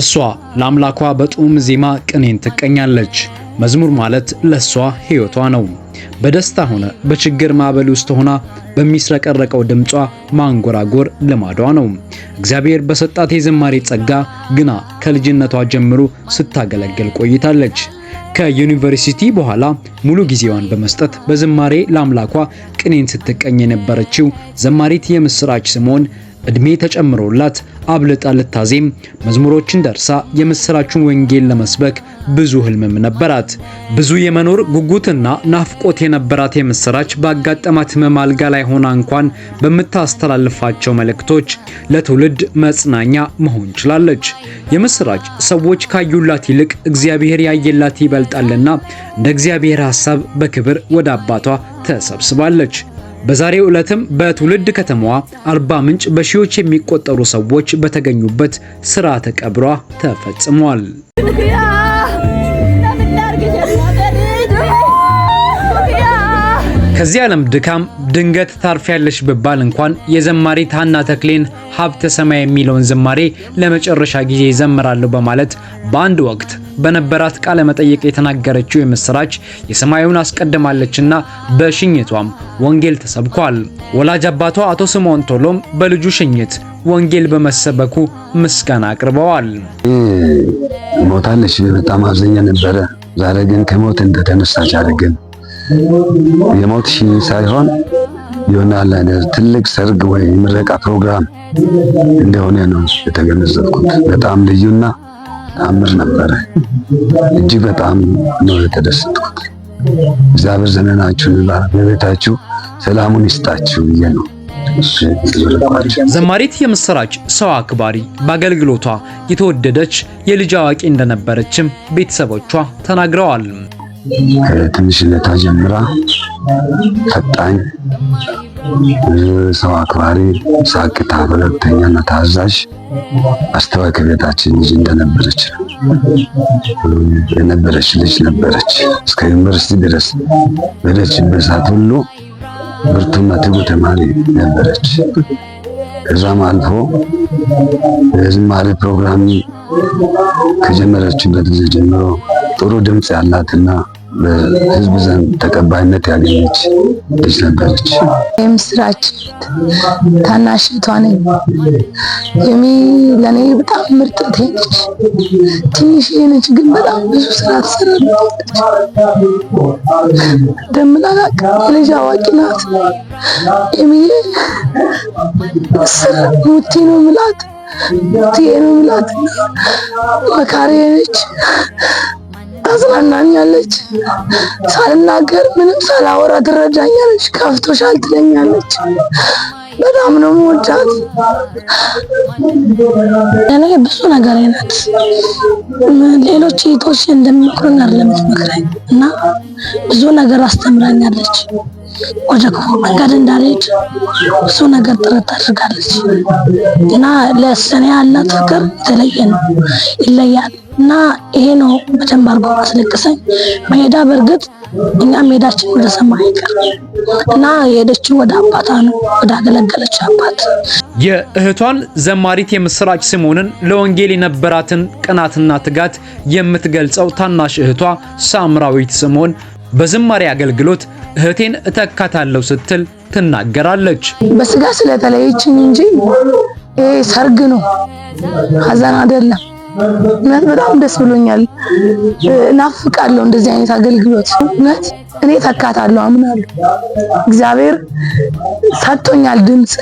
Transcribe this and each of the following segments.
እሷ ለአምላኳ በጡም ዜማ ቅኔን ትቀኛለች። መዝሙር ማለት ለእሷ ሕይወቷ ነው። በደስታ ሆነ በችግር ማዕበል ውስጥ ሆና በሚስረቀረቀው ድምጿ ማንጎራጎር ልማዷ ነው። እግዚአብሔር በሰጣት የዝማሬ ጸጋ ግና ከልጅነቷ ጀምሮ ስታገለግል ቆይታለች። ከዩኒቨርሲቲ በኋላ ሙሉ ጊዜዋን በመስጠት በዝማሬ ለአምላኳ ቅኔን ስትቀኝ የነበረችው ዘማሪት የምስራች ስሞን። እድሜ ተጨምሮላት አብልጣ ልታዜም መዝሙሮችን ደርሳ የምስራቹን ወንጌል ለመስበክ ብዙ ህልምም ነበራት። ብዙ የመኖር ጉጉትና ናፍቆት የነበራት የምስራች ባጋጠማት ህመም አልጋ ላይ ሆና እንኳን በምታስተላልፋቸው መልእክቶች ለትውልድ መጽናኛ መሆን ችላለች። የምስራች ሰዎች ካዩላት ይልቅ እግዚአብሔር ያየላት ይበልጣልና እንደ እግዚአብሔር ሐሳብ በክብር ወደ አባቷ ተሰብስባለች። በዛሬው ዕለትም በትውልድ ከተማዋ አርባ ምንጭ በሺዎች የሚቆጠሩ ሰዎች በተገኙበት ስርዓተ ቀብሯ ተፈጽሟል። ከዚህ ዓለም ድካም ድንገት ታርፊያለሽ ብባል እንኳን የዘማሪ ታና ተክሌን ሀብተ ሰማይ የሚለውን ዝማሬ ለመጨረሻ ጊዜ ይዘምራለሁ በማለት በአንድ ወቅት በነበራት ቃለ መጠይቅ የተናገረችው የምስራች የሰማዩን አስቀድማለችና በሽኝቷም ወንጌል ተሰብኳል። ወላጅ አባቷ አቶ ስምዖን ቶሎም በልጁ ሽኝት ወንጌል በመሰበኩ ምስጋና አቅርበዋል። ሞታለች፣ በጣም አብዘኛ ነበረ። ዛሬ ግን ከሞት እንደተነሳች አድርገን የሞት ሽኝት ሳይሆን ይሆናል ትልቅ ሰርግ ወይ ምረቃ ፕሮግራም እንደሆነ ነው የተገነዘብኩት። በጣም ልዩና ታምር ነበረ። እጅግ በጣም ነው የተደሰትኩት። እግዚአብሔር ዘመናችሁን ይባርክ፣ በቤታችሁ ሰላሙን ይስጣችሁ ብዬ ነው። ዘማሪት የምስራች ሰው አክባሪ፣ በአገልግሎቷ የተወደደች የልጅ አዋቂ እንደነበረችም ቤተሰቦቿ ተናግረዋል። ከትንሽነቷ ጀምራ ፈጣኝ ሰው አክባሪ፣ ሳቅታ፣ ፈገግተኛና ታዛዥ አስተዋይ ከቤታችን ልጅ እንደነበረች የነበረች ልጅ ነበረች። እስከ ዩኒቨርሲቲ ድረስ በሄደችበት ሰዓት ሁሉ ብርቱና ትጉ ተማሪ ነበረች። ከዛም አልፎ የዝማሬ ፕሮግራም ከጀመረችበት ጊዜ ጀምሮ ጥሩ ድምፅ ያላትና በህዝቡ ዘንድ ተቀባይነት ያገኘች ልጅ ነበረች። የምስራች ታናሽቷ ነኝ። የሚ ለእኔ በጣም ምርጥ ነች ትንሽ ነች፣ ግን በጣም ብዙ ስራ ትሰራለች። ደምላላቅ ልጅ አዋቂ ናት። የሚ ሙቴ ነው ምላት፣ ሙቴ ነው ምላት፣ መካሪ ነች። ታጽናናኛለች። ሳልናገር ምንም ሳላወራ ትረዳኛለች። ከፍቶሻል ትለኛለች። በጣም ነው የምወዳት። እኔ ብዙ ነገር አይነት ሌሎች እህቶች እንደሚመክሩኝ አይደለም የምትመክረኝ እና ብዙ ነገር አስተምራኛለች። ወደ ክፉ መንገድ እንዳልሄድ ብዙ ነገር ጥረት ታደርጋለች እና ለሰኔ ያላት ፍቅር የተለየ ነው፣ ይለያል እና ይሄ ነው በደንብ አድርጎ አስለቅሰኝ መሄዳ። በእርግጥ እኛ መሄዳችን ወደ ሰማይ አይቀር እና የሄደችው ወደ አባቷ ነው፣ ወደ አገለገለች አባት። የእህቷን ዘማሪት የምስራች ስምዖንን ለወንጌል የነበራትን ቅናትና ትጋት የምትገልጸው ታናሽ እህቷ ሳምራዊት ስምዖን በዝማሬ አገልግሎት እህቴን እተካታለሁ ስትል ትናገራለች። በስጋ ስለተለየችኝ እንጂ ይሄ ሰርግ ነው፣ ሀዘን አይደለም። እውነት በጣም ደስ ብሎኛል። እናፍቃለሁ እንደዚህ አይነት አገልግሎት። እውነት እኔ እተካታለሁ አምናለሁ። እግዚአብሔር ሰጥቶኛል ድምፅ፣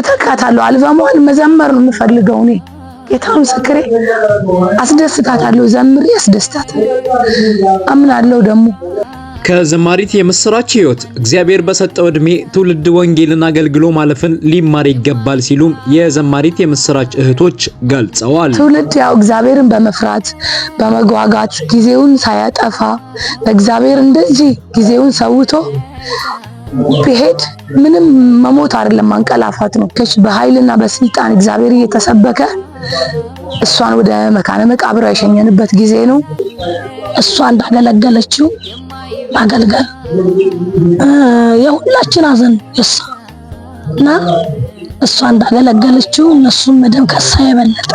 እተካታለሁ። አልበሟን መዘመር ነው የምፈልገው እኔ ጌታ ምስክሬ አስደስታታለሁ። ዘምሬ አስደስታት አምናለሁ። ደግሞ ከዘማሪት የምስራች ህይወት እግዚአብሔር በሰጠው እድሜ ትውልድ ወንጌልን አገልግሎ ማለፍን ሊማር ይገባል ሲሉም የዘማሪት የምስራች እህቶች ገልጸዋል። ትውልድ ያው እግዚአብሔርን በመፍራት በመጓጋት ጊዜውን ሳያጠፋ በእግዚአብሔር እንደዚህ ጊዜውን ሰውቶ ብሄድ ምንም መሞት አይደለም ማንቀላፋት ነው። ከሽ በኃይልና በስልጣን እግዚአብሔር እየተሰበከ እሷን ወደ መካነ መቃብር ያሸኘንበት ጊዜ ነው። እሷ እንዳገለገለችው አገልጋል የሁላችን አዘን እሷ እና እሷ እንዳገለገለችው እነሱም መደም ከሳ የበለጠ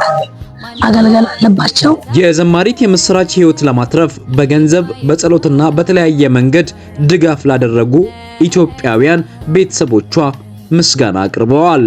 አገልገል አለባቸው። የዘማሪት የምስራች ህይወት ለማትረፍ በገንዘብ በጸሎትና በተለያየ መንገድ ድጋፍ ላደረጉ ኢትዮጵያውያን ቤተሰቦቿ ምስጋና አቅርበዋል።